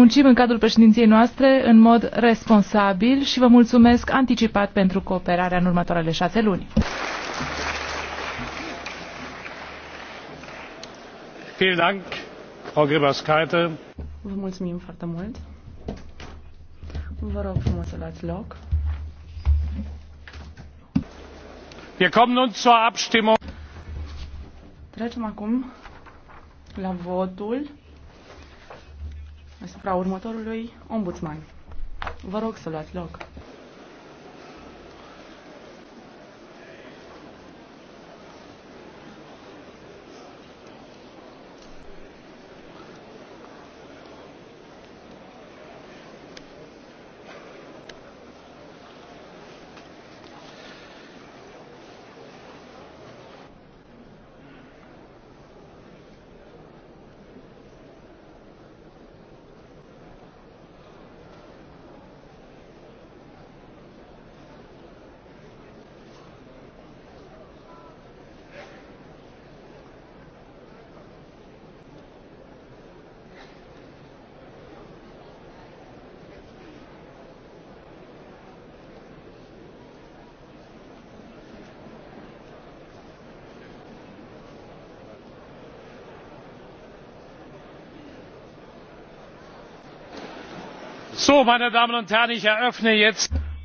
muncim în cadrul președinției noastre în mod responsabil și vă mulțumesc anticipat pentru cooperarea în următoarele șase luni. Vă mulțumim foarte mult. Vă rog frumos să luați loc. Wir kommen nun zur Abstimmung. Trecem acum la votul asupra următorului ombudsman. Vă rog să luați loc.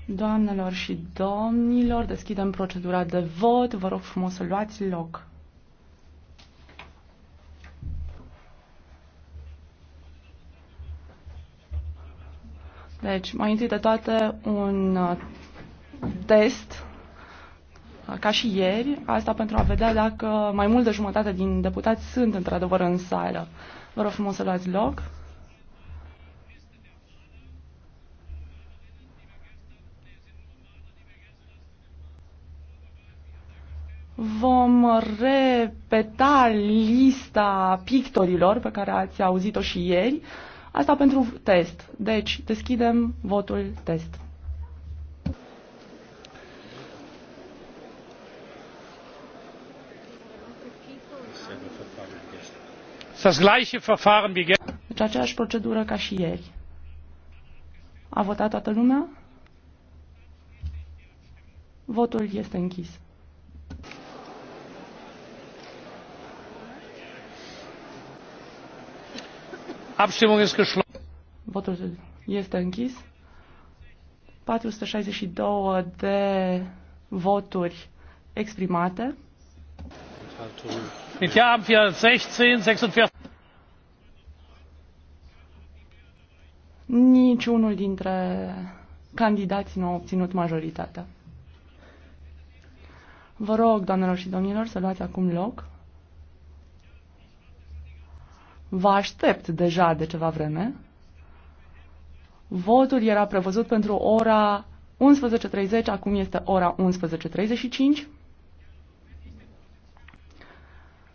Doamnelor și domnilor, deschidem procedura de vot. Vă rog frumos să luați loc. Deci, mai întâi de toate, un uh, test, uh, ca și ieri, asta pentru a vedea dacă mai mult de jumătate din deputați sunt într-adevăr în sală. Vă rog frumos să luați loc. repeta lista pictorilor pe care ați auzit-o și ieri. Asta pentru test. Deci, deschidem votul test. Das gleiche Verfahren wie Deci aceeași procedură ca și ieri. A votat toată lumea? Votul este închis. Abstimmung ist geschlossen. Votul este închis. 462 de voturi exprimate. Mit Ja haben 416, 46. Niciunul dintre candidați nu a obținut majoritatea. Vă rog, doamnelor și domnilor, să luați acum loc. Vă aștept deja de ceva vreme. Votul era prevăzut pentru ora 11.30, acum este ora 11.35.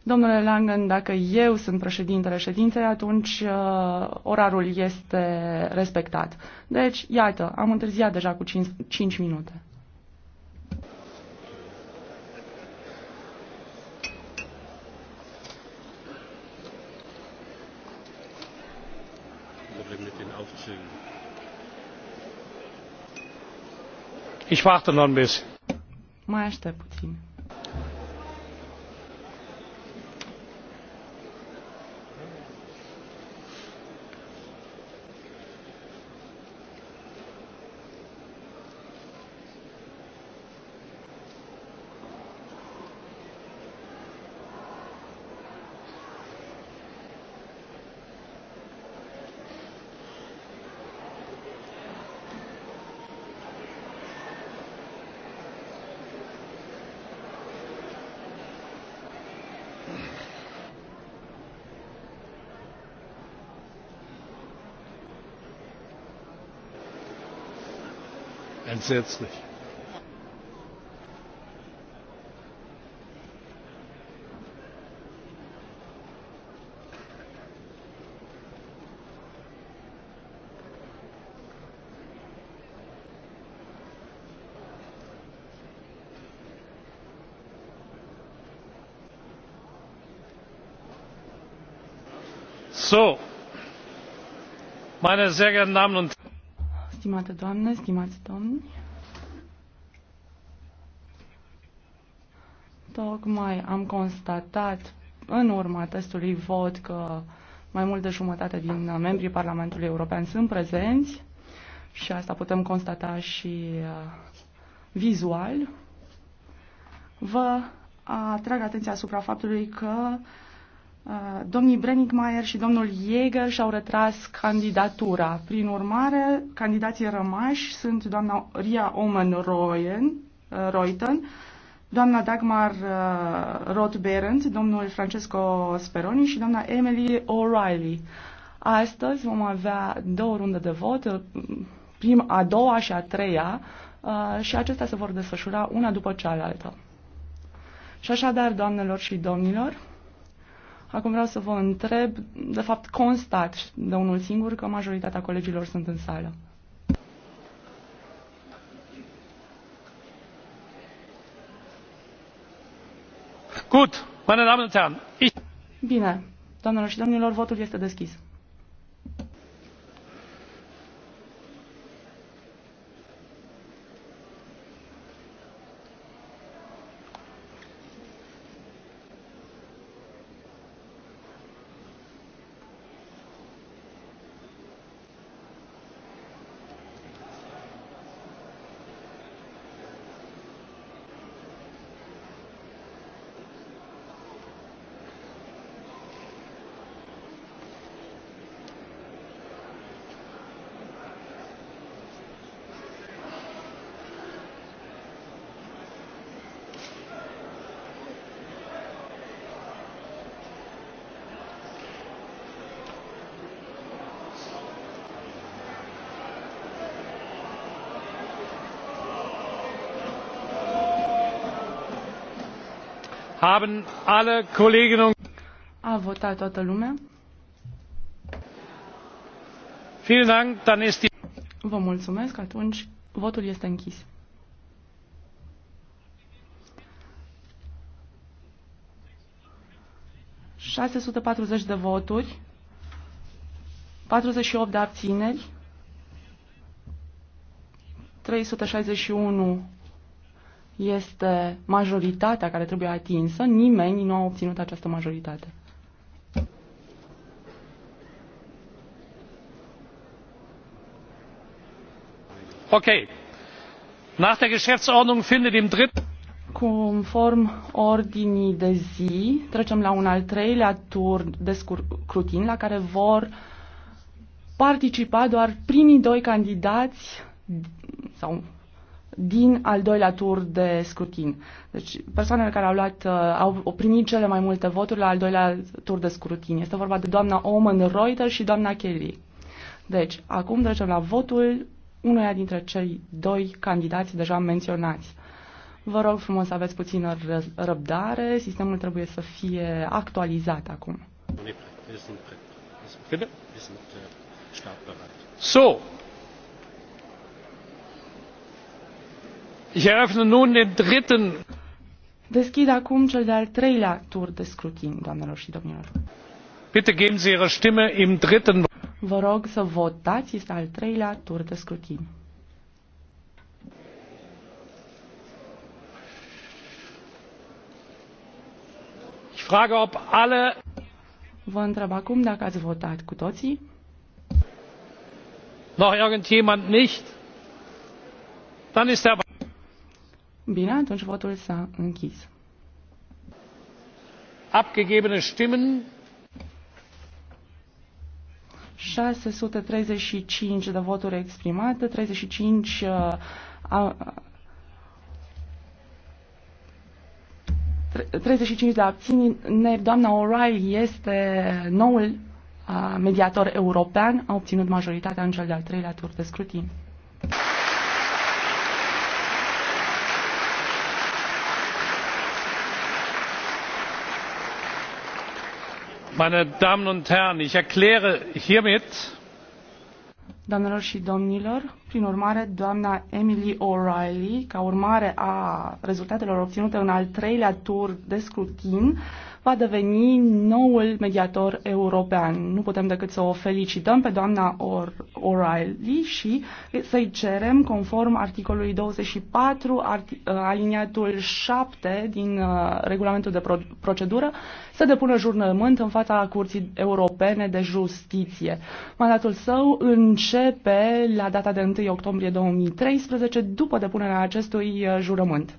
Domnule Langen, dacă eu sunt președintele ședinței, atunci uh, orarul este respectat. Deci, iată, am întârziat deja cu 5, 5 minute. ich warte noch ein bisschen. mai aștept puțin. entsetzlich. meine sehr geehrten Damen und Stimată doamnă, stimați domni, tocmai am constatat în urma testului vot că mai mult de jumătate din membrii Parlamentului European sunt prezenți și asta putem constata și uh, vizual. Vă atrag atenția asupra faptului că Uh, domnii Brenigmeier și domnul Jäger și-au retras candidatura. Prin urmare, candidații rămași sunt doamna Ria Omen Reuten, uh, doamna Dagmar uh, Roth-Berendt, domnul Francesco Speroni și doamna Emily O'Reilly. Astăzi vom avea două runde de vot, prima, a doua și a treia, și acestea se vor desfășura una după cealaltă. Și așadar, doamnelor și domnilor, Acum vreau să vă întreb, de fapt constat de unul singur că majoritatea colegilor sunt în sală. Gut, meine Damen und Herren, ich... Bine, doamnelor și domnilor, votul este deschis. Haben alle Kolleginnen und A votat toată lumea. Vielen Dank, dann ist die Vă mulțumesc, atunci votul este închis. ...640 de voturi, 48 de abțineri, 361 este majoritatea care trebuie atinsă, nimeni nu a obținut această majoritate. Ok. Nach der Geschäftsordnung findet im dritten Conform ordinii de zi, trecem la un al treilea tur de scrutin la care vor participa doar primii doi candidați sau din al doilea tur de scrutin. Deci persoanele care au, luat, uh, au primit cele mai multe voturi la al doilea tur de scrutin. Este vorba de doamna Oman Reuter și doamna Kelly. Deci, acum trecem la votul unuia dintre cei doi candidați deja menționați. Vă rog frumos să aveți puțină răbdare, sistemul trebuie să fie actualizat acum. So, Deschid acum cel de-al treilea tur de scrutin, doamnelor și domnilor. Vă rog să votați, este al treilea tur de scrutin. frage, ob alle Vă întreb acum dacă ați votat cu toții. Noch irgendjemand nicht? Dann ist der Bine, atunci votul s-a închis. Abgegebene Stimmen 635 de voturi exprimate, 35 uh, a, 35 de abțineri. Doamna O'Reilly este noul uh, mediator european, a obținut majoritatea în cel de-al treilea tur de scrutin. meine damen und herren ich erkläre hiermit doamnelor și domnilor prin urmare, doamna Emily O'Reilly, ca urmare a rezultatelor obținute în al treilea tur de scrutin, va deveni noul mediator european. Nu putem decât să o felicităm pe doamna O'Reilly și să-i cerem, conform articolului 24, aliniatul 7 din uh, regulamentul de procedură, să depună jurnământ în fața Curții Europene de Justiție. Mandatul său începe la data de 1 1 octombrie 2013, după depunerea acestui uh, jurământ.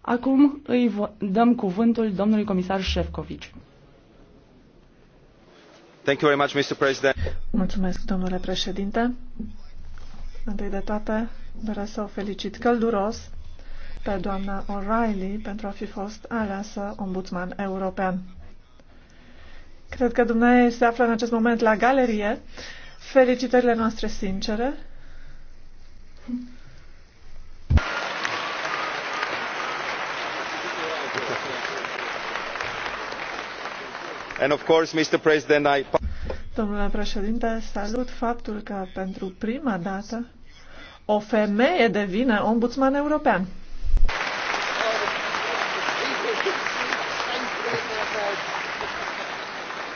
Acum îi dăm cuvântul domnului comisar Șefcovici. Thank you very much, Mr. President. Mulțumesc, domnule președinte. Întâi de toate, doresc să o felicit călduros pe doamna O'Reilly pentru a fi fost aleasă ombudsman european. Cred că dumneavoastră se află în acest moment la galerie Felicitările noastre sincere. And of course, Mr. President, I... Domnule președinte, salut faptul că pentru prima dată o femeie devine ombudsman european.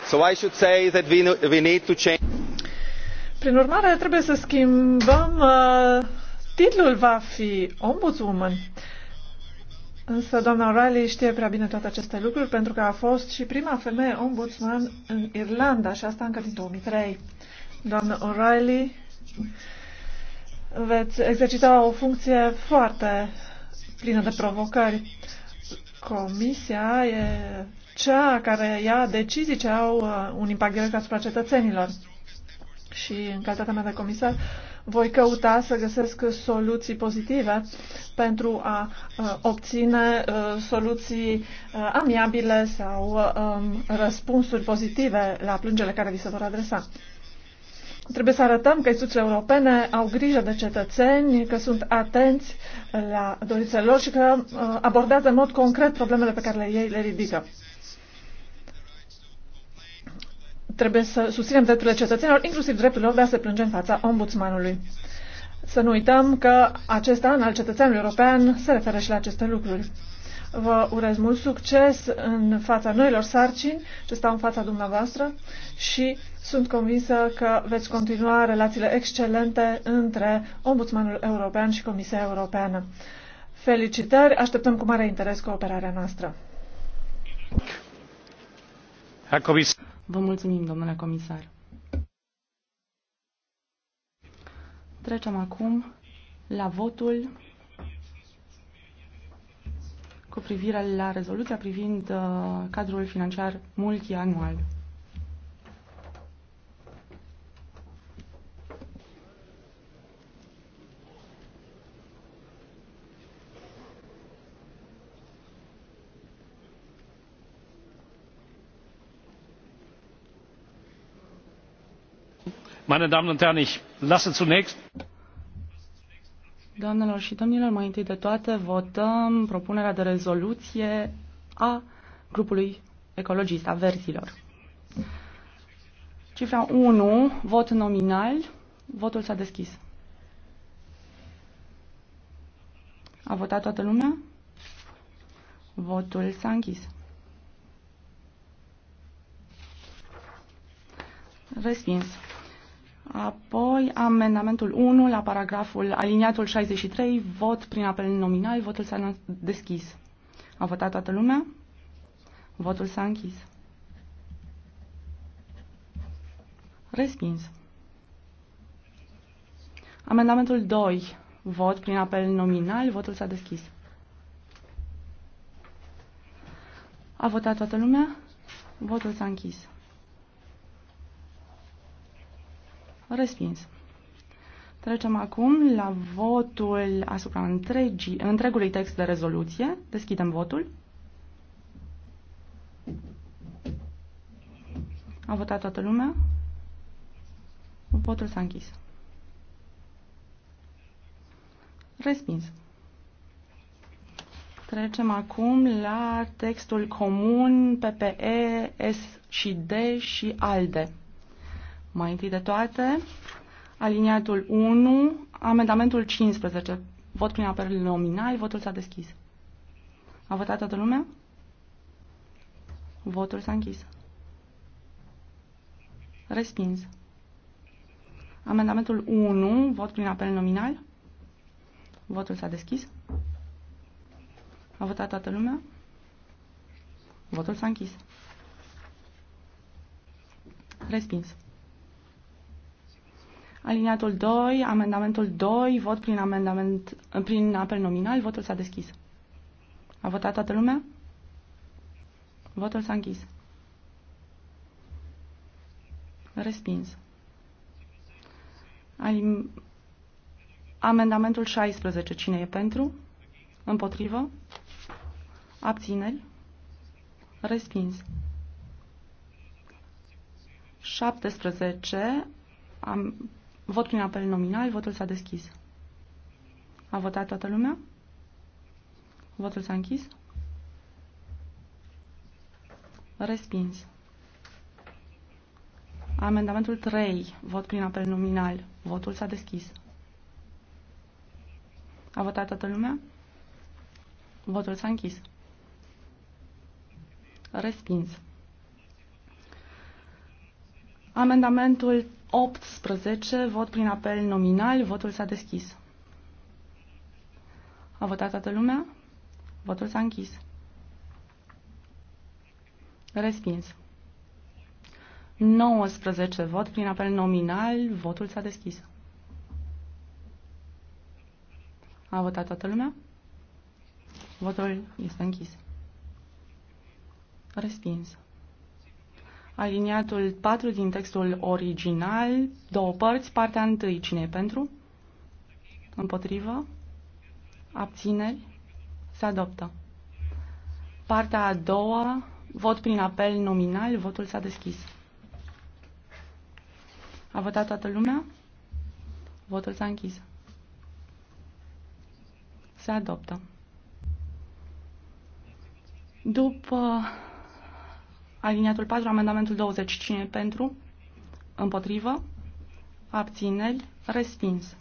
So I should say that we, we need to change. Prin urmare, trebuie să schimbăm. Uh, titlul va fi Ombudswoman. Însă doamna O'Reilly știe prea bine toate aceste lucruri pentru că a fost și prima femeie ombudsman în Irlanda și asta încă din 2003. Doamna O'Reilly, veți exercita o funcție foarte plină de provocări. Comisia e cea care ia decizii ce au uh, un impact direct asupra cetățenilor și în calitatea mea de comisar voi căuta să găsesc soluții pozitive pentru a uh, obține uh, soluții uh, amiabile sau um, răspunsuri pozitive la plângele care vi se vor adresa. Trebuie să arătăm că instituțiile europene au grijă de cetățeni, că sunt atenți la dorințele lor și că abordează în mod concret problemele pe care ei le ridică. trebuie să susținem drepturile cetățenilor, inclusiv dreptul lor de a se plânge în fața ombudsmanului. Să nu uităm că acest an al cetățeanului european se referă și la aceste lucruri. Vă urez mult succes în fața noilor sarcini ce stau în fața dumneavoastră și sunt convinsă că veți continua relațiile excelente între Ombudsmanul European și Comisia Europeană. Felicitări, așteptăm cu mare interes cooperarea noastră. Herr Vă mulțumim, domnule comisar. Trecem acum la votul cu privire la rezoluția privind uh, cadrul financiar multianual. meine damen und herren ich lasse zunächst Doamnelor și domnilor, mai întâi de toate votăm propunerea de rezoluție a grupului ecologist, a verzilor. Cifra 1, vot nominal, votul s-a deschis. A votat toată lumea? Votul s-a închis. Respins. Apoi amendamentul 1 la paragraful aliniatul 63, vot prin apel nominal, votul s-a deschis. A votat toată lumea? Votul s-a închis. Respins. Amendamentul 2, vot prin apel nominal, votul s-a deschis. A votat toată lumea? Votul s-a închis. Respins. Trecem acum la votul asupra întregii, întregului text de rezoluție. Deschidem votul. A votat toată lumea? Votul s-a închis. Respins. Trecem acum la textul comun PPE, S și D și ALDE. Mai întâi de toate, aliniatul 1, amendamentul 15. Vot prin apel nominal, votul s-a deschis. A votat toată lumea? Votul s-a închis. Respins. Amendamentul 1, vot prin apel nominal. Votul s-a deschis. A votat toată lumea? Votul s-a închis. Respins. Aliniatul 2, amendamentul 2, vot prin, amendament, prin apel nominal, votul s-a deschis. A votat toată lumea? Votul s-a închis. Respins. Alim... Amendamentul 16. Cine e pentru? Împotrivă? Abțineri? Respins. 17. Am... Vot prin apel nominal, votul s-a deschis. A votat toată lumea? Votul s-a închis? Respins. Amendamentul 3, vot prin apel nominal, votul s-a deschis. A votat toată lumea? Votul s-a închis. Respins. Amendamentul 18, vot prin apel nominal, votul s-a deschis. A votat toată lumea? Votul s-a închis. Respins. 19 vot prin apel nominal, votul s-a deschis. A votat toată lumea? Votul este închis. Respins. Aliniatul 4 din textul original, două părți, partea întâi, cine e pentru? Împotrivă? Abțineri? Se adoptă. Partea a doua, vot prin apel nominal, votul s-a deschis. A votat toată lumea? Votul s-a închis. Se adoptă. După Aliniatul 4, amendamentul 20. Cine pentru? Împotrivă? Abțineri? Respins.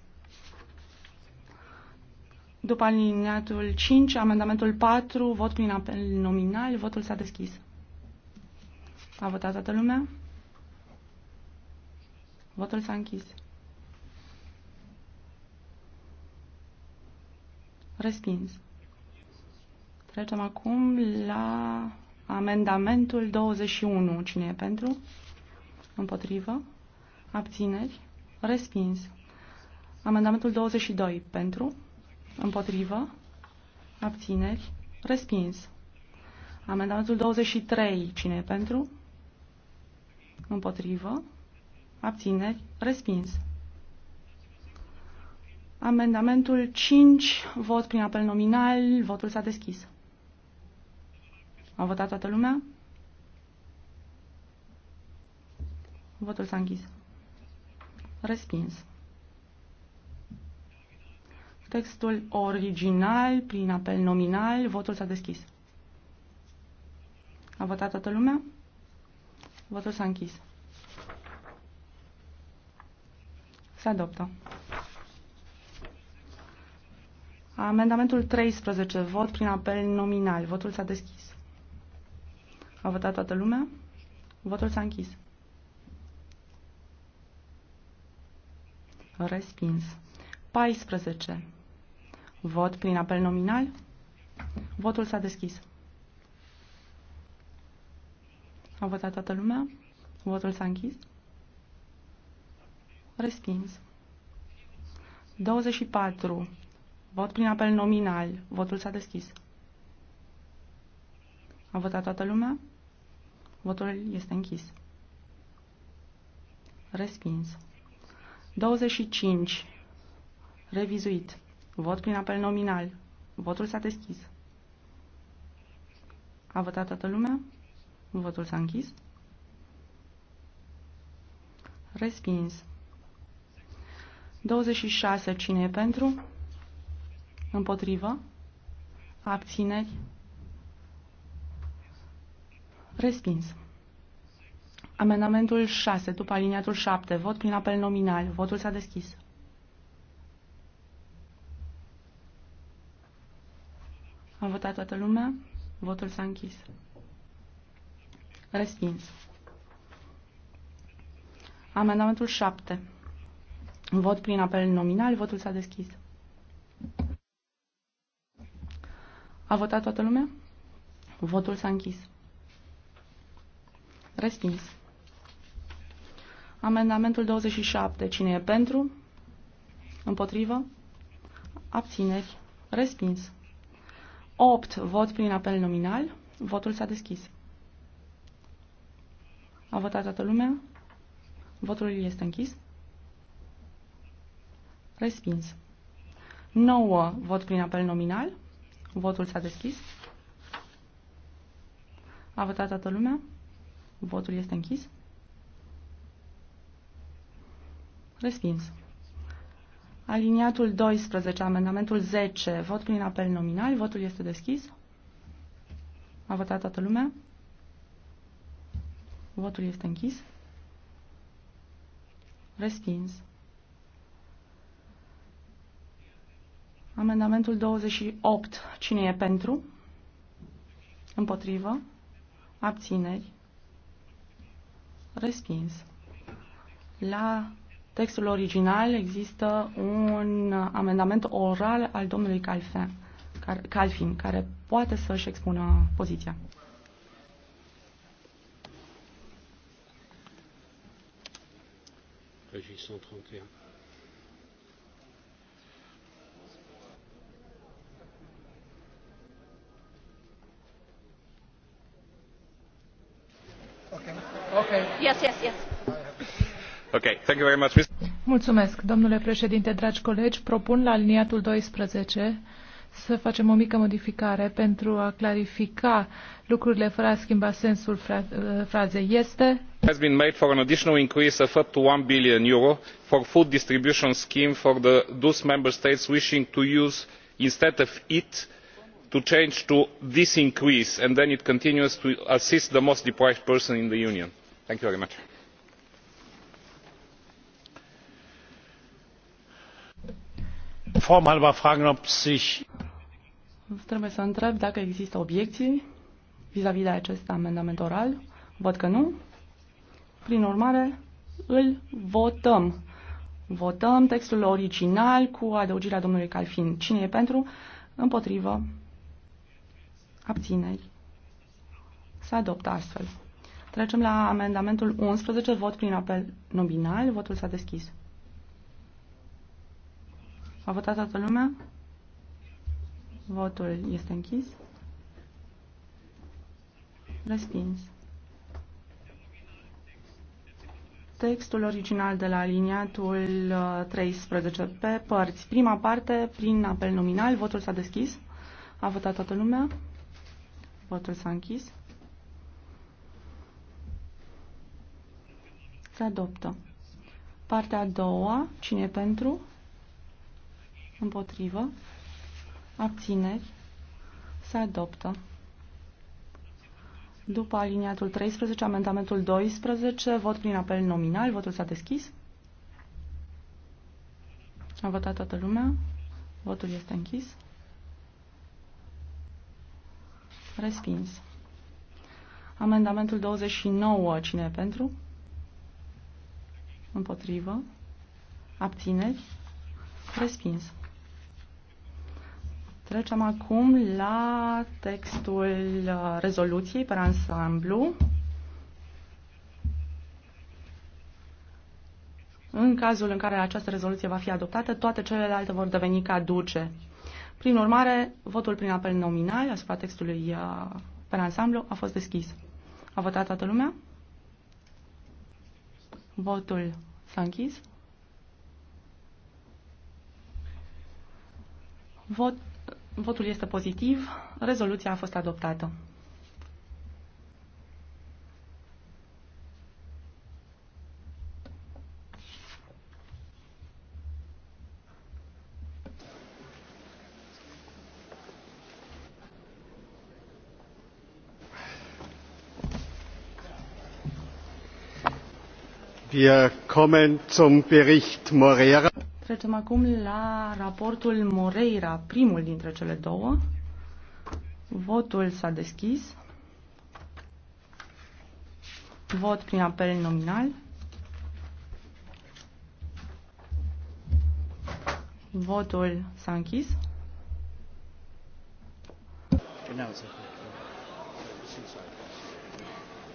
După aliniatul 5, amendamentul 4, vot prin apel nominal, votul s-a deschis. A votat toată lumea? Votul s-a închis. Respins. Trecem acum la Amendamentul 21. Cine e pentru? Împotrivă. Abțineri. Respins. Amendamentul 22. Pentru. Împotrivă. Abțineri. Respins. Amendamentul 23. Cine e pentru? Împotrivă. Abțineri. Respins. Amendamentul 5. Vot prin apel nominal. Votul s-a deschis. A votat toată lumea? Votul s-a închis. Respins. Textul original, prin apel nominal, votul s-a deschis. A votat toată lumea? Votul s-a închis. Se adoptă. Amendamentul 13, vot prin apel nominal. Votul s-a deschis. A votat toată lumea? Votul s-a închis. Respins. 14. Vot prin apel nominal. Votul s-a deschis. A votat toată lumea? Votul s-a închis? Respins. 24. Vot prin apel nominal. Votul s-a deschis. A votat toată lumea? Votul este închis. Respins. 25. Revizuit. Vot prin apel nominal. Votul s-a deschis. A votat toată lumea? Votul s-a închis. Respins. 26. Cine e pentru? Împotrivă? Abțineri? Respins. Amendamentul 6, după aliniatul 7, vot prin apel nominal. Votul s-a deschis. A votat toată lumea. Votul s-a închis. Respins. Amendamentul 7. Vot prin apel nominal. Votul s-a deschis. A votat toată lumea? Votul s-a închis. Respins. Amendamentul 27. Cine e pentru? Împotrivă? Abțineri. Respins. 8. Vot prin apel nominal. Votul s-a deschis. A votat toată lumea? Votul este închis. Respins. 9. Vot prin apel nominal. Votul s-a deschis. A votat toată lumea? Votul este închis. Respins. Aliniatul 12, amendamentul 10, vot prin apel nominal, votul este deschis. A votat toată lumea. Votul este închis. Respins. Amendamentul 28. Cine e pentru? Împotrivă? Abțineri? Respins. La textul original există un amendament oral al domnului Calfin, Calfin care poate să-și expună poziția. Régis 131. domnule președinte, dragi colegi. Propun la aliniatul doisprezece să facem o mică modificare pentru a clarifica lucrurile fără a schimba sensul uh, frazei. Este has been made for an additional increase of up to one billion Euro for food distribution scheme for the, those member states wishing to use instead of it to change to this increase and then it continues to assist the most deprived person in the union. Thank you very much. Formal va fragen, ob sich Trebuie să întreb dacă există obiecții vis-a-vis -vis de acest amendament oral. Văd că nu. Prin urmare, îl votăm. Votăm textul original cu adăugirea domnului Calfin. Cine e pentru? Împotrivă. Abțineri. să adoptă astfel. Trecem la amendamentul 11, vot prin apel nominal. Votul s-a deschis. A votat toată lumea? Votul este închis. Respins. Textul original de la aliniatul 13 uh, pe părți. Prima parte, prin apel nominal, votul s-a deschis. A votat toată lumea. Votul s-a închis. Se adoptă. Partea a doua, cine e pentru? Împotrivă. Abțineri. Se adoptă. După aliniatul 13, amendamentul 12, vot prin apel nominal. Votul s-a deschis. A votat toată lumea. Votul este închis. Respins. Amendamentul 29, cine e pentru? Împotrivă. Abțineri. Respins. Trecem acum la textul uh, rezoluției pe ansamblu. În cazul în care această rezoluție va fi adoptată, toate celelalte vor deveni caduce. Prin urmare, votul prin apel nominal asupra textului uh, pe ansamblu a fost deschis. A votat toată lumea? Votul s-a închis. Vot, votul este pozitiv. Rezoluția a fost adoptată. Wir kommen zum Bericht Moreira. Trecem acum la raportul Moreira, primul dintre cele două. Votul s-a deschis. Vot prin apel nominal. Votul s-a închis.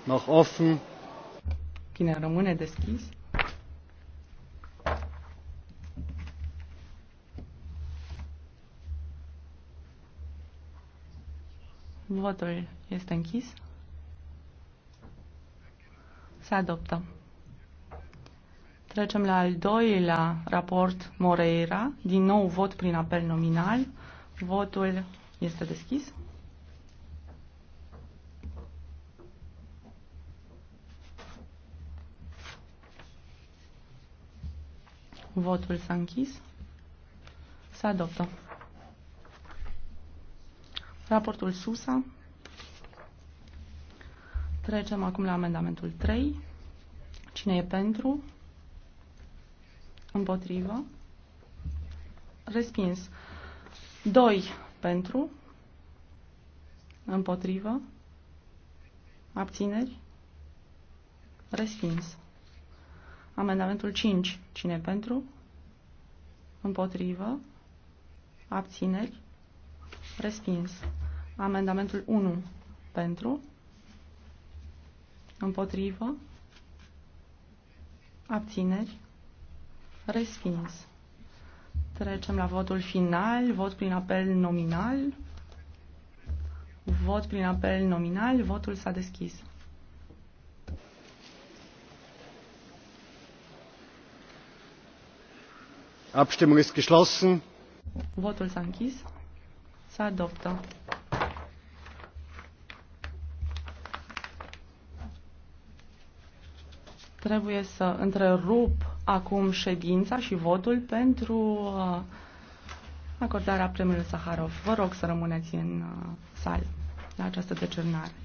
Noch offen. Cine rămâne deschis. Votul este închis. Se adoptă. Trecem la al doilea raport Moreira. Din nou vot prin apel nominal. Votul este deschis. Votul s-a închis. Se adoptă. Raportul SUSA. Trecem acum la amendamentul 3. Cine e pentru? Împotrivă. Respins. 2 pentru. Împotrivă. Abțineri. Respins. Amendamentul 5. Cine pentru? Împotrivă? Abțineri? Respins. Amendamentul 1. Pentru? Împotrivă? Abțineri? Respins. Trecem la votul final, vot prin apel nominal. Vot prin apel nominal, votul s-a deschis. Abstimmung ist geschlossen. Votul s-a închis. s-a adoptă. Trebuie să întrerup acum ședința și votul pentru uh, acordarea premiului Saharov. Vă rog să rămâneți în uh, sală la această decernare.